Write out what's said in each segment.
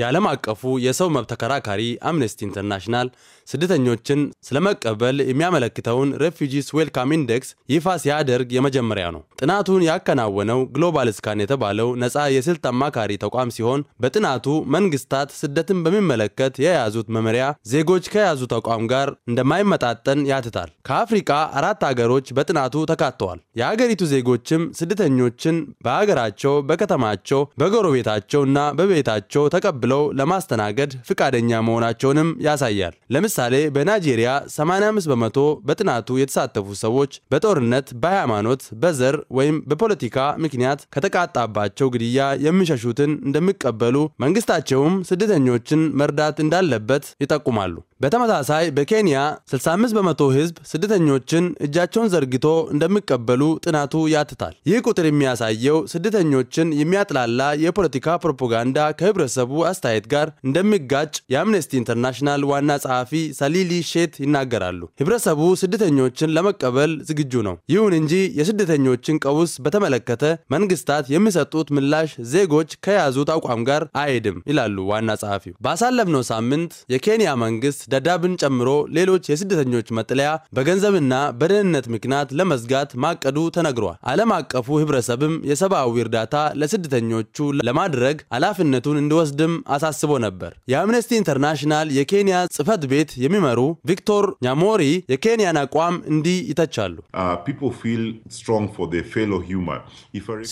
የዓለም አቀፉ የሰው መብት ተከራካሪ አምነስቲ ኢንተርናሽናል ስደተኞችን ስለመቀበል የሚያመለክተውን ሬፊጂስ ዌልካም ኢንዴክስ ይፋ ሲያደርግ የመጀመሪያ ነው። ጥናቱን ያከናወነው ግሎባል ስካን የተባለው ነፃ የስልት አማካሪ ተቋም ሲሆን በጥናቱ መንግስታት ስደትን በሚመለከት የያዙት መመሪያ ዜጎች ከያዙ ተቋም ጋር እንደማይመጣጠን ያትታል። ከአፍሪቃ አራት አገሮች በጥናቱ ተካተዋል። የአገሪቱ ዜጎችም ስደተኞችን በአገራቸው፣ በከተማቸው፣ በጎረቤታቸው እና በቤታቸው ተቀ። ተቀብለው ለማስተናገድ ፍቃደኛ መሆናቸውንም ያሳያል። ለምሳሌ በናይጄሪያ 85 በመቶ በጥናቱ የተሳተፉ ሰዎች በጦርነት፣ በሃይማኖት፣ በዘር ወይም በፖለቲካ ምክንያት ከተቃጣባቸው ግድያ የሚሸሹትን እንደሚቀበሉ መንግስታቸውም ስደተኞችን መርዳት እንዳለበት ይጠቁማሉ። በተመሳሳይ በኬንያ 65 በመቶ ህዝብ ስደተኞችን እጃቸውን ዘርግቶ እንደሚቀበሉ ጥናቱ ያትታል። ይህ ቁጥር የሚያሳየው ስደተኞችን የሚያጥላላ የፖለቲካ ፕሮፓጋንዳ ከህብረተሰቡ አስተያየት ጋር እንደሚጋጭ የአምነስቲ ኢንተርናሽናል ዋና ጸሐፊ ሰሊሊ ሼት ይናገራሉ። ህብረተሰቡ ስደተኞችን ለመቀበል ዝግጁ ነው። ይሁን እንጂ የስደተኞችን ቀውስ በተመለከተ መንግስታት የሚሰጡት ምላሽ ዜጎች ከያዙት አቋም ጋር አይሄድም ይላሉ ዋና ጸሐፊው። ባሳለፍነው ሳምንት የኬንያ መንግስት ደዳብን ጨምሮ ሌሎች የስደተኞች መጠለያ በገንዘብና በደህንነት ምክንያት ለመዝጋት ማቀዱ ተነግሯል። ዓለም አቀፉ ህብረተሰብም የሰብአዊ እርዳታ ለስደተኞቹ ለማድረግ ኃላፊነቱን እንዲወስድም አሳስቦ ነበር። የአምነስቲ ኢንተርናሽናል የኬንያ ጽህፈት ቤት የሚመሩ ቪክቶር ኛሞሪ የኬንያን አቋም እንዲህ ይተቻሉ። uh,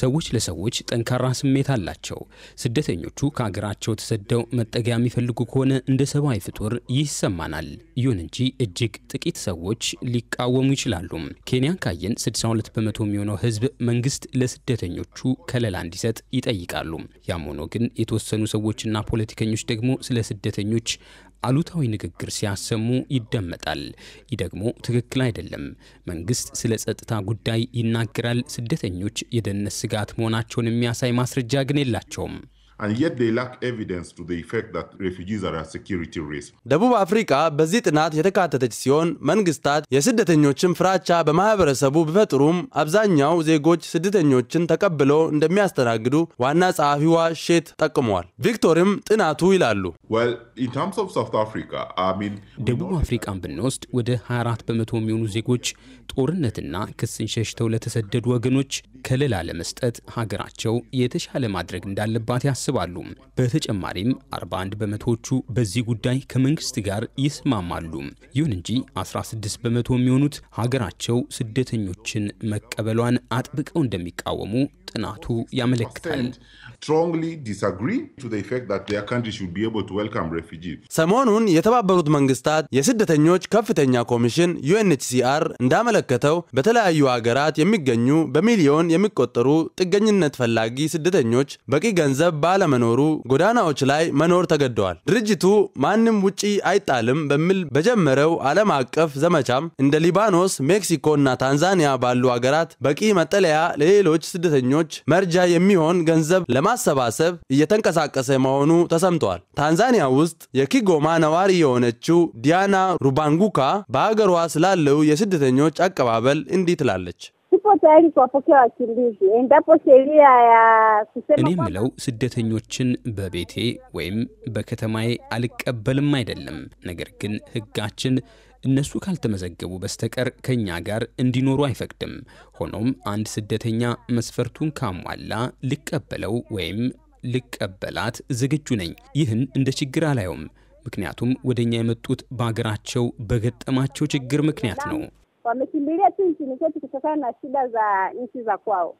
ሰዎች ለሰዎች ጠንካራ ስሜት አላቸው። ስደተኞቹ ከሀገራቸው ተሰደው መጠገያ የሚፈልጉ ከሆነ እንደ ሰብአዊ ፍጡር ይህ ይሰማናል። ይሁን እንጂ እጅግ ጥቂት ሰዎች ሊቃወሙ ይችላሉ። ኬንያን ካየን 62 በመቶ የሚሆነው ህዝብ መንግስት ለስደተኞቹ ከለላ እንዲሰጥ ይጠይቃሉ። ያም ሆኖ ግን የተወሰኑ ሰዎችና ፖለቲከኞች ደግሞ ስለ ስደተኞች አሉታዊ ንግግር ሲያሰሙ ይደመጣል። ይህ ደግሞ ትክክል አይደለም። መንግስት ስለ ጸጥታ ጉዳይ ይናገራል። ስደተኞች የደህንነት ስጋት መሆናቸውን የሚያሳይ ማስረጃ ግን የላቸውም። and yet they lack evidence to the effect that refugees are a security risk. ደቡብ አፍሪካ በዚህ ጥናት የተካተተች ሲሆን መንግስታት የስደተኞችን ፍራቻ በማህበረሰቡ ቢፈጥሩም አብዛኛው ዜጎች ስደተኞችን ተቀብለው እንደሚያስተናግዱ ዋና ጸሐፊዋ ሼት ጠቅመዋል። ቪክቶርም ጥናቱ ይላሉ ደቡብ አፍሪካን ብንወስድ ወደ 24 በመቶ የሚሆኑ ዜጎች ጦርነትና ክስን ሸሽተው ለተሰደዱ ወገኖች ከለላ ለመስጠት ሀገራቸው የተሻለ ማድረግ እንዳለባት ያስባሉ። በተጨማሪም 41 በመቶዎቹ በዚህ ጉዳይ ከመንግስት ጋር ይስማማሉ። ይሁን እንጂ 16 በመቶ የሚሆኑት ሀገራቸው ስደተኞችን መቀበሏን አጥብቀው እንደሚቃወሙ ጥናቱ ያመለክታል። ሰሞኑን የተባበሩት መንግስታት የስደተኞች ከፍተኛ ኮሚሽን ዩኤንኤችሲአር እንዳመለከተው በተለያዩ ሀገራት የሚገኙ በሚሊዮን የሚቆጠሩ ጥገኝነት ፈላጊ ስደተኞች በቂ ገንዘብ ባለመኖሩ ጎዳናዎች ላይ መኖር ተገደዋል። ድርጅቱ ማንም ውጪ አይጣልም በሚል በጀመረው ዓለም አቀፍ ዘመቻም እንደ ሊባኖስ፣ ሜክሲኮ እና ታንዛኒያ ባሉ አገራት በቂ መጠለያ ለሌሎች ስደተኞች መርጃ የሚሆን ገንዘብ ለማሰባሰብ እየተንቀሳቀሰ መሆኑ ተሰምቷል። ታንዛኒያ ውስጥ የኪጎማ ነዋሪ የሆነችው ዲያና ሩባንጉካ በሀገሯ ስላለው የስደተኞች አቀባበል እንዲህ ትላለች። Tupo tayari kuwapokea wakimbizi endapo sheria ya kusema እኔ የምለው ስደተኞችን በቤቴ ወይም በከተማዬ አልቀበልም አይደለም። ነገር ግን ህጋችን እነሱ ካልተመዘገቡ በስተቀር ከኛ ጋር እንዲኖሩ አይፈቅድም። ሆኖም አንድ ስደተኛ መስፈርቱን ካሟላ ልቀበለው ወይም ልቀበላት ዝግጁ ነኝ። ይህን እንደ ችግር አላየውም፣ ምክንያቱም ወደኛ የመጡት በሀገራቸው በገጠማቸው ችግር ምክንያት ነው። wamekimbilia tu nchini kwetu kutokana na shida za nchi za kwao.